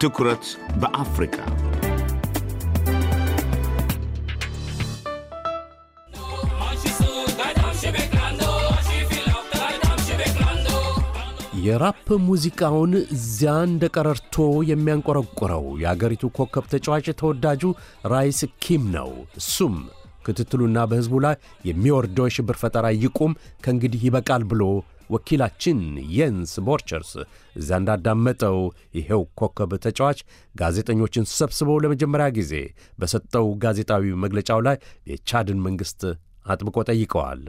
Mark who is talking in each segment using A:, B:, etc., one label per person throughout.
A: ትኩረት በአፍሪካ የራፕ ሙዚቃውን እዚያ እንደ ቀረርቶ የሚያንቆረቁረው የአገሪቱ ኮከብ ተጫዋች ተወዳጁ ራይስ ኪም ነው። እሱም ክትትሉና በሕዝቡ ላይ የሚወርደው የሽብር ፈጠራ ይቁም፣ ከእንግዲህ ይበቃል ብሎ ወኪላችን የንስ ሞርቸርስ እዚያ እንዳዳመጠው ይኸው ኮከብ ተጫዋች ጋዜጠኞችን ሰብስቦ ለመጀመሪያ ጊዜ በሰጠው ጋዜጣዊ መግለጫው ላይ የቻድን መንግሥት አጥብቆ ጠይቀዋል።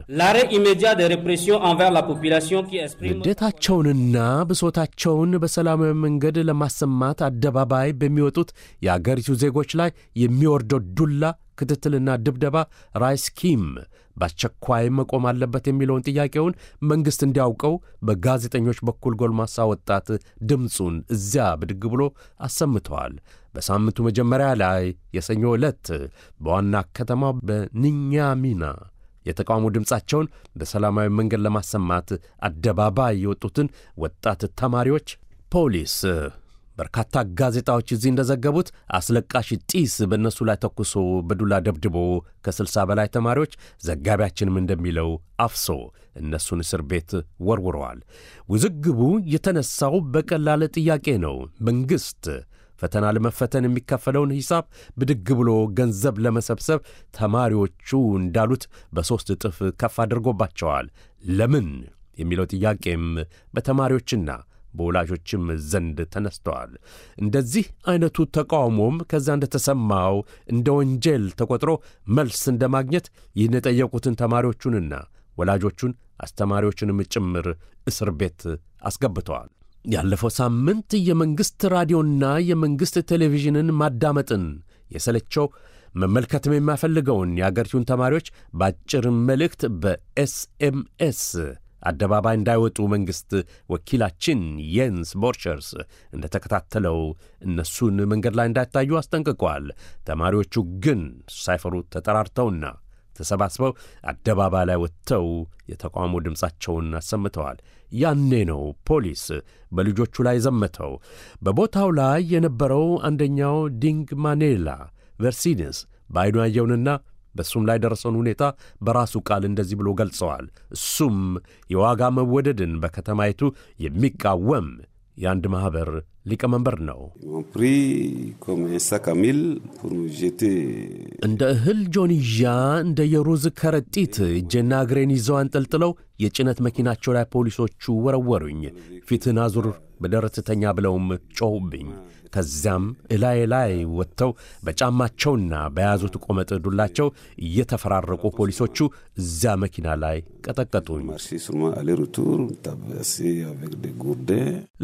A: ንዴታቸውንና ብሶታቸውን በሰላማዊ መንገድ ለማሰማት አደባባይ በሚወጡት የአገሪቱ ዜጎች ላይ የሚወርደው ዱላ ክትትልና ድብደባ ራይስኪም በአስቸኳይ መቆም አለበት የሚለውን ጥያቄውን መንግሥት እንዲያውቀው በጋዜጠኞች በኩል ጎልማሳ ወጣት ድምፁን እዚያ ብድግ ብሎ አሰምተዋል። በሳምንቱ መጀመሪያ ላይ የሰኞ ዕለት በዋና ከተማ በኒኛሚና የተቃውሞ ድምፃቸውን በሰላማዊ መንገድ ለማሰማት አደባባይ የወጡትን ወጣት ተማሪዎች ፖሊስ በርካታ ጋዜጣዎች እዚህ እንደዘገቡት አስለቃሽ ጢስ በእነሱ ላይ ተኩሶ በዱላ ደብድቦ ከስልሳ በላይ ተማሪዎች ዘጋቢያችንም እንደሚለው አፍሶ እነሱን እስር ቤት ወርውረዋል። ውዝግቡ የተነሳው በቀላል ጥያቄ ነው። መንግሥት ፈተና ለመፈተን የሚከፈለውን ሂሳብ ብድግ ብሎ ገንዘብ ለመሰብሰብ ተማሪዎቹ እንዳሉት በሦስት እጥፍ ከፍ አድርጎባቸዋል። ለምን የሚለው ጥያቄም በተማሪዎችና በወላጆችም ዘንድ ተነስተዋል። እንደዚህ አይነቱ ተቃውሞም ከዛ እንደተሰማው እንደ ወንጀል ተቆጥሮ መልስ እንደ ማግኘት ይህን የጠየቁትን ተማሪዎቹንና ወላጆቹን አስተማሪዎቹንም ጭምር እስር ቤት አስገብተዋል። ያለፈው ሳምንት የመንግሥት ራዲዮና የመንግሥት ቴሌቪዥንን ማዳመጥን የሰለቸው መመልከትም የሚያፈልገውን የአገሪቱን ተማሪዎች በአጭር መልእክት በኤስኤምኤስ አደባባይ እንዳይወጡ መንግሥት ወኪላችን የንስ ቦርቸርስ እንደተከታተለው እነሱን መንገድ ላይ እንዳይታዩ አስጠንቅቋል። ተማሪዎቹ ግን ሳይፈሩ ተጠራርተውና ተሰባስበው አደባባይ ላይ ወጥተው የተቃውሞ ድምፃቸውን አሰምተዋል። ያኔ ነው ፖሊስ በልጆቹ ላይ ዘመተው። በቦታው ላይ የነበረው አንደኛው ዲንግ ማኔላ ቨርሲኒስ በዓይኑ ያየውንና በእሱም ላይ ደረሰውን ሁኔታ በራሱ ቃል እንደዚህ ብሎ ገልጸዋል። እሱም የዋጋ መወደድን በከተማይቱ የሚቃወም የአንድ ማኅበር ሊቀመንበር ነው። እንደ እህል ጆንያ እንደ የሩዝ ከረጢት እጄና እግሬን ይዘው አንጠልጥለው የጭነት መኪናቸው ላይ ፖሊሶቹ ወረወሩኝ። ፊትን አዙር በደረትተኛ ብለውም ጮኹብኝ። ከዚያም እላይ ላይ ወጥተው በጫማቸውና በያዙት ቆመጥ ዱላቸው እየተፈራረቁ ፖሊሶቹ እዚያ መኪና ላይ ቀጠቀጡኝ።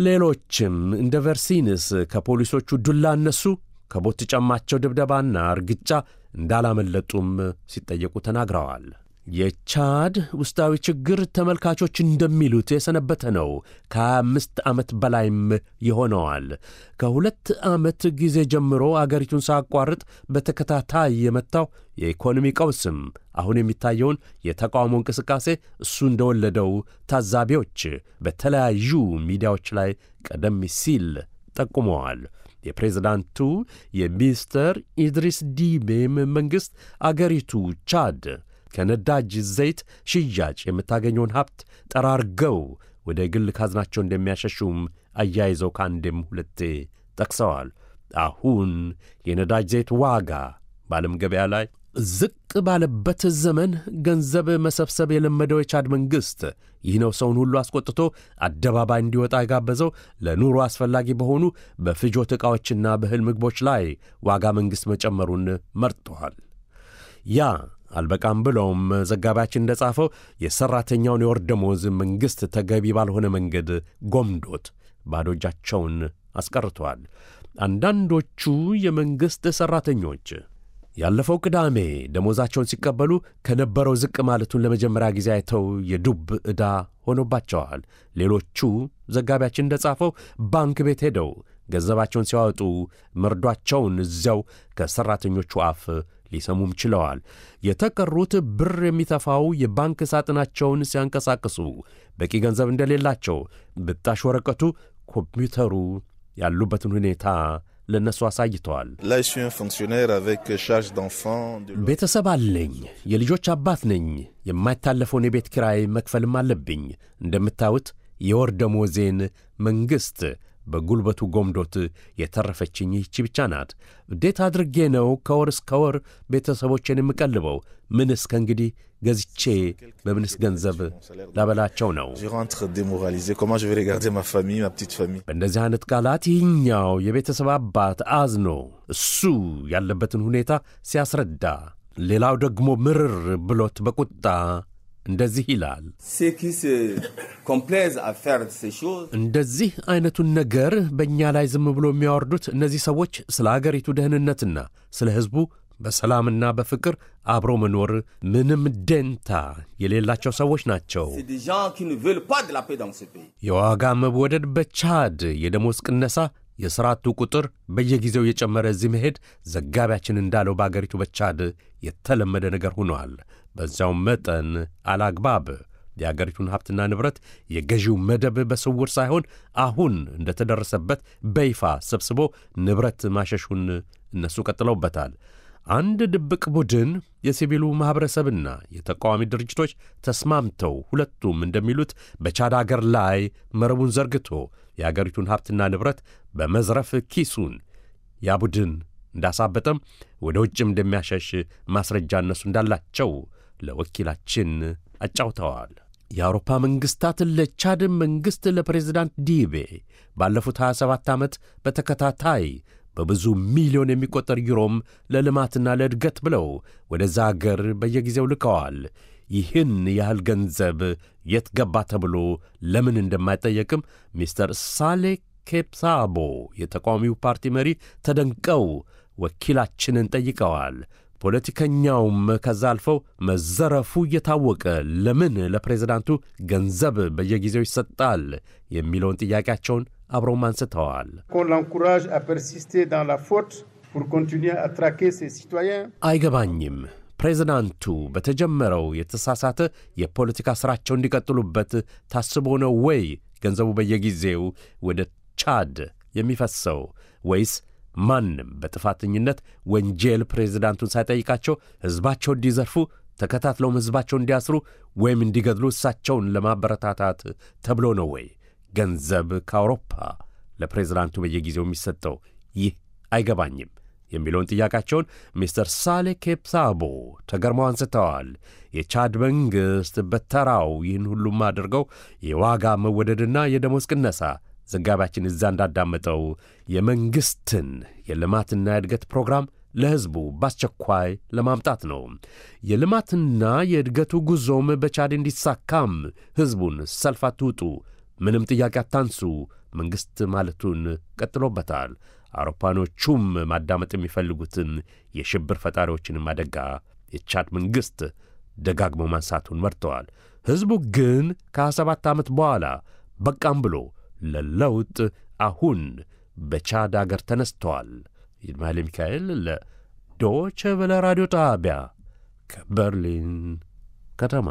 A: ሌሎችም እንደ ሴቨርሲንስ ከፖሊሶቹ ዱላ እነሱ ከቦት ጫማቸው ድብደባና እርግጫ እንዳላመለጡም ሲጠየቁ ተናግረዋል። የቻድ ውስጣዊ ችግር ተመልካቾች እንደሚሉት የሰነበተ ነው። ከአምስት ዓመት በላይም ይሆነዋል። ከሁለት ዓመት ጊዜ ጀምሮ አገሪቱን ሳቋርጥ በተከታታይ የመታው የኢኮኖሚ ቀውስም አሁን የሚታየውን የተቃውሞ እንቅስቃሴ እሱ እንደወለደው ታዛቢዎች በተለያዩ ሚዲያዎች ላይ ቀደም ሲል ጠቁመዋል። የፕሬዝዳንቱ የሚስተር ኢድሪስ ዲቤም መንግሥት አገሪቱ ቻድ ከነዳጅ ዘይት ሽያጭ የምታገኘውን ሀብት ጠራርገው ወደ ግል ካዝናቸው እንደሚያሸሹም አያይዘው ከአንድም ሁለቴ ጠቅሰዋል። አሁን የነዳጅ ዘይት ዋጋ በዓለም ገበያ ላይ ዝቅ ባለበት ዘመን ገንዘብ መሰብሰብ የለመደው የቻድ መንግሥት ይህ ነው ሰውን ሁሉ አስቆጥቶ አደባባይ እንዲወጣ የጋበዘው። ለኑሮ አስፈላጊ በሆኑ በፍጆት ዕቃዎችና በእህል ምግቦች ላይ ዋጋ መንግሥት መጨመሩን መርጠዋል። ያ አልበቃም ብለውም ዘጋቢያችን እንደጻፈው የሠራተኛውን የወር ደሞዝ መንግሥት ተገቢ ባልሆነ መንገድ ጎምዶት ባዶ እጃቸውን አስቀርተዋል። አንዳንዶቹ የመንግሥት ሠራተኞች ያለፈው ቅዳሜ ደሞዛቸውን ሲቀበሉ ከነበረው ዝቅ ማለቱን ለመጀመሪያ ጊዜ አይተው የዱብ ዕዳ ሆኖባቸዋል። ሌሎቹ ዘጋቢያችን እንደጻፈው ባንክ ቤት ሄደው ገንዘባቸውን ሲያወጡ መርዷቸውን እዚያው ከሠራተኞቹ አፍ ሊሰሙም ችለዋል። የተቀሩት ብር የሚተፋው የባንክ ሳጥናቸውን ሲያንቀሳቅሱ በቂ ገንዘብ እንደሌላቸው ብጣሽ ወረቀቱ፣ ኮምፒውተሩ ያሉበትን ሁኔታ ለእነሱ አሳይተዋል። ቤተሰብ አለኝ፣ የልጆች አባት ነኝ። የማይታለፈውን የቤት ኪራይ መክፈልም አለብኝ። እንደምታዩት የወር ደሞዜን መንግሥት በጉልበቱ ጎምዶት የተረፈችኝ ይህቺ ብቻ ናት። እንዴት አድርጌ ነው ከወር እስከ ወር ቤተሰቦቼን የምቀልበው? ምንስ ከእንግዲህ ገዝቼ በምንስ ገንዘብ ላበላቸው ነው? በእንደዚህ አይነት ቃላት ይህኛው የቤተሰብ አባት አዝኖ እሱ ያለበትን ሁኔታ ሲያስረዳ፣ ሌላው ደግሞ ምርር ብሎት በቁጣ እንደዚህ ይላል። እንደዚህ አይነቱን ነገር በእኛ ላይ ዝም ብሎ የሚያወርዱት እነዚህ ሰዎች ስለ አገሪቱ ደህንነትና ስለ ሕዝቡ በሰላምና በፍቅር አብሮ መኖር ምንም ደንታ የሌላቸው ሰዎች ናቸው። የዋጋ መወደድ በቻድ የደሞዝ ቅነሳ የሥርዓቱ ቁጥር በየጊዜው የጨመረ እዚህ መሄድ ዘጋቢያችን እንዳለው በአገሪቱ በቻድ የተለመደ ነገር ሆኗል። በዚያውም መጠን አላግባብ የአገሪቱን ሀብትና ንብረት የገዢው መደብ በስውር ሳይሆን አሁን እንደተደረሰበት በይፋ ሰብስቦ ንብረት ማሸሹን እነሱ ቀጥለውበታል። አንድ ድብቅ ቡድን የሲቪሉ ማኅበረሰብና የተቃዋሚ ድርጅቶች ተስማምተው ሁለቱም እንደሚሉት በቻድ አገር ላይ መረቡን ዘርግቶ የአገሪቱን ሀብትና ንብረት በመዝረፍ ኪሱን ያ ቡድን እንዳሳበጠም ወደ ውጭም እንደሚያሸሽ ማስረጃ እነሱ እንዳላቸው ለወኪላችን አጫውተዋል። የአውሮፓ መንግሥታትን ለቻድን መንግሥት ለፕሬዝዳንት ዲቤ ባለፉት 27 ዓመት በተከታታይ በብዙ ሚሊዮን የሚቆጠር ዩሮም ለልማትና ለእድገት ብለው ወደዛ አገር በየጊዜው ልከዋል። ይህን ያህል ገንዘብ የት ገባ ተብሎ ለምን እንደማይጠየቅም ሚስተር ሳሌ ኬፕሳቦ የተቃዋሚው ፓርቲ መሪ ተደንቀው ወኪላችንን ጠይቀዋል። ፖለቲከኛውም ከዛ አልፈው መዘረፉ እየታወቀ ለምን ለፕሬዝዳንቱ ገንዘብ በየጊዜው ይሰጣል የሚለውን ጥያቄያቸውን አብረውም አንስተዋል። አይገባኝም። ፕሬዝዳንቱ በተጀመረው የተሳሳተ የፖለቲካ ሥራቸው እንዲቀጥሉበት ታስቦ ነው ወይ ገንዘቡ በየጊዜው ወደ ቻድ የሚፈሰው ወይስ ማንም በጥፋተኝነት ወንጀል ፕሬዚዳንቱን ሳይጠይቃቸው ሕዝባቸው እንዲዘርፉ ተከታትለውም ሕዝባቸው እንዲያስሩ ወይም እንዲገድሉ እሳቸውን ለማበረታታት ተብሎ ነው ወይ ገንዘብ ከአውሮፓ ለፕሬዚዳንቱ በየጊዜው የሚሰጠው? ይህ አይገባኝም የሚለውን ጥያቄያቸውን ሚስተር ሳሌ ኬፕሳቦ ተገርመው አንስተዋል። የቻድ መንግሥት በተራው ይህን ሁሉም አድርገው የዋጋ መወደድና የደሞዝ ቅነሳ ዘጋቢያችን እዛ እንዳዳመጠው የመንግሥትን የልማትና የእድገት ፕሮግራም ለሕዝቡ በአስቸኳይ ለማምጣት ነው። የልማትና የእድገቱ ጉዞም በቻድ እንዲሳካም ሕዝቡን ሰልፍ አትውጡ፣ ምንም ጥያቄ አታንሱ መንግሥት ማለቱን ቀጥሎበታል። አውሮፓኖቹም ማዳመጥ የሚፈልጉትን የሽብር ፈጣሪዎችን አደጋ የቻድ መንግሥት ደጋግሞ ማንሳቱን መርተዋል። ሕዝቡ ግን ከ27 ዓመት በኋላ በቃም ብሎ ለለውጥ አሁን በቻድ አገር ተነስተዋል። ይድማሌ ሚካኤል ለዶቸ ቬለ ራዲዮ ጣቢያ ከበርሊን ከተማ